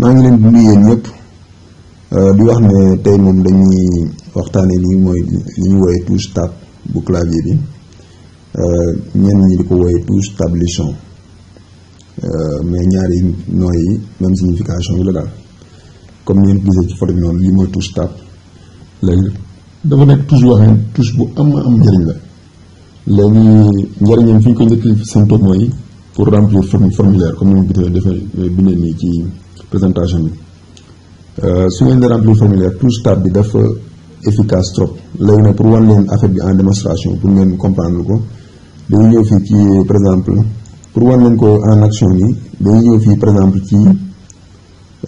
maa ngi leen di nuyu yéen euh, di wax ne tey moom dañuy waxtaanee lii mooy li ñu wooyee touche tab bu clavier bi euh, ñenn ñi di ko wooyee touche tablichon euh, mais ñaari nooy yi même signification yi la daal comme ni ngeen gisee ci photo bi noonu mooy touche tab léegi dafa nekk touche boo xam bu am am njëriñ la léegi njëriñam fi ñu ko njëkk seen toog mooy pour remplir formulaire comme ni mu gisee dafay bindee nii ci. présentation bi euh, su ngeen de remplir formulaire touche tab bi dafa efficace trop léegi nag pour wan leen affaire bi en démonstration pour ngeen comprendre ko dañuy ñëw fii ci par exemple pour wan nañ ko en action nii dañuy ñëw fii par exemple ci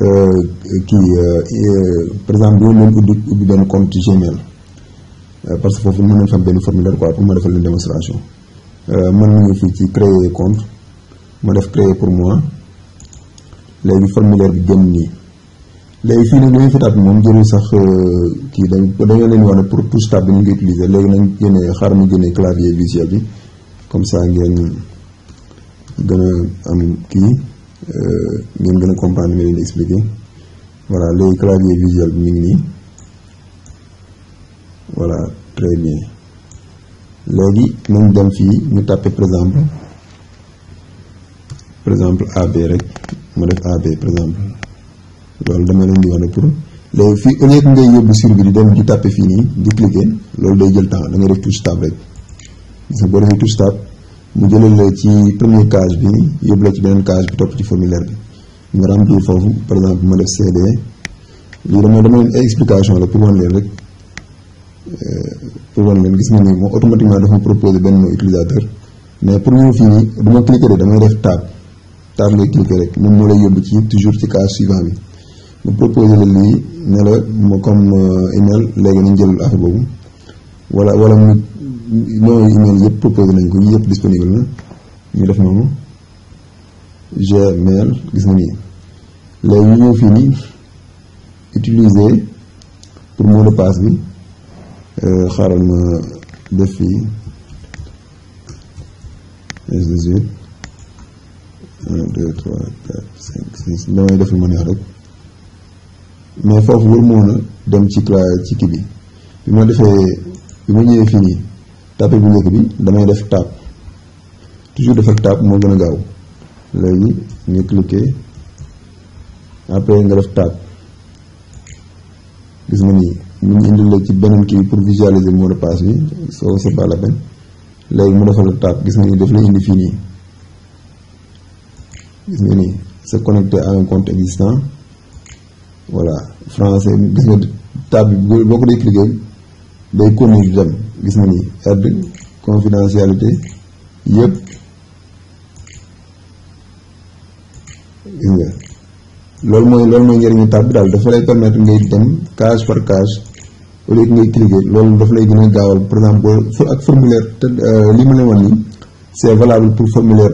euh, kii euh, par exemple dinañ leen ubbi benn compte Gmail parce que foofu mën nañ fa am benn formulaire quoi pour ma defal leen démonstration mën nañu fii ci créer compte ma def créer pour moi léegi formulaire bi génn nii léegi fii nag li ñu fi tàpp moom jëru sax euh, kii dañ leen wax ne pour touche tab bi ñu ngi utiliser léegi nañ génnee xaaral ma génnee clavier visuel bi comme ça ngeen gën a am kii euh, ngeen gën a comprendre nga expliquer voilà léegi clavier visuel bi mi ngi nii voilà très bien léegi nañ dem fii ñu tàppe par exemple par exemple AB rek ma def AB par exemple loolu dama leen di wane pour léegi fii au lieu que ngay yóbbu surbi di dem di tàppe fii nii di cliquer loolu day jël temps da def touche tab rek gis nga boo defee mu jëlal la ci case bi yóbbu la ci beneen case bi topp ci formulaire bi nga remplir foofu par exemple ma def CD lii dama dama leen explication la pour wan leen rek euh, pour wan leen gis nga ni moom automatiquement dafa ma proposé benn utilisateur mais pour ñëw fii nii du ma taam ngay cliquer rek moom moo lay yóbbu ci toujours ci cas suivant bi mu proposé la lii ne la mo comme euh, email léegi nañ jël affaire boobu wala wala mu non email yëpp proposé nañ ko yi yëpp disponible na ñu def noonu Gmail gis nga nii léegi ñu ñëw fii nii utiliser pour mot de passe bi euh, xaaral ma def fii un deux damay def lu ma neex rek mais foofu wër moon a dem ci clavier ci kii bi bi ma defee bi ma ñëwee fii nii tapé bu njëkk bi damay def tap toujours defar tap moo gën a gaaw léegi nga cliqué après nga def tap gis nga nii mu ngi indi la ci beneen kii pour visualiser mot de passe bi soo c'est pas la peine léegi mu defal la tap gis nga nii daf lay indi fii nii gis nga nii se connecter à un compte existant voilà français gis nga tab bi boo ko dee cliquer day connu dem gis nga nii aide confidentialité yëpp gis nga loolu mooy loolu mooy njëriñu tab bi daal dafa lay permettre ngay dem case par case au lieu ngay cliquer loolu dafa lay gën a gaawal par exemple ak formulaire euh, li ma leen wax nii c'est valable pour formulaire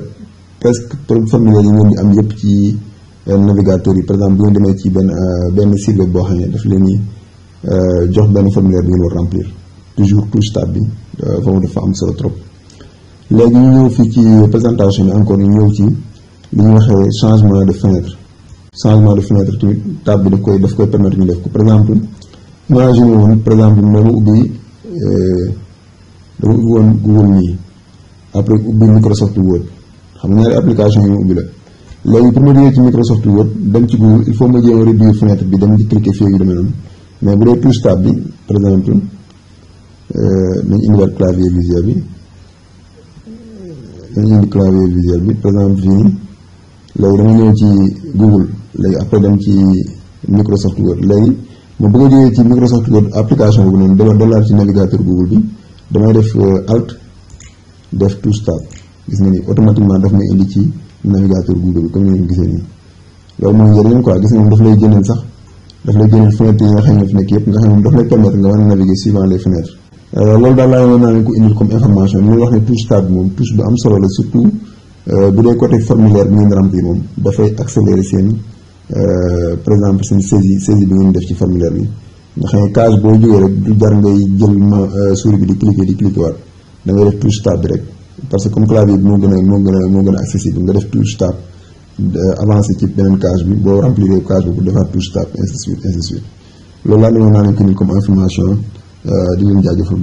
presque problème familial yi ngeen di am yëpp ci euh, navigateur yi par exemple bu ngeen demee ci benn euh, benn site boo xam ne daf leen di euh, jox benn formulaire bi ngeen war remplir toujours touche tab bi dafa am solo trop. léegi ci présentation bi encore ci li ñu waxee changement de fenêtre changement de fenêtre tamit tab bi koy daf koy permettre ñu def ko par exemple imagine woon par exemple dama ubbi dama ubbi woon Google mii après ubbi Microsoft Word. xam ñaari application yi mu ubbi la léegi pour ma jógee ci Microsoft Word dem bi dem di cliquer mais bu dee touche tab bi par exemple euh, nañ indiwaat clavier visuel bi nañ indi clavier visuel bi par exemple fii nii léegi dama ñëw ci Google léegi après dem a jógee ci Microsoft Word application boobu noonu dama bi damay def euh, alt def touche tab gis nga ni automatiquement daf may indi ci navigateur Google bi comme ni ngeen gisee nii loolu mooy njëriñam quoi gis nga daf lay génneel sax nga xam ne fi nekk yëpp war a naviguer suivant les fenêtres. Euh, loolu daal laa yoon naa leen ko indil comme information li ñuy wax ne touche stade moom touche bu am solo la surtout euh, bu dee côté formulaire bi ngeen remplir moom dafay accélérer seen euh, par exemple seen saisie saisie bi ngeen def ci formulaire bi nga xam case boo jógee parce que comme clavier bi moo gën a moo gën a moo gën a accessible nga def touche tab avancé ci beneen case bi boo remplir case boobu defaat touche tab ainsi de suite ainsi de suite loolu laa doon naa comme information euh, di leen jaajëfal.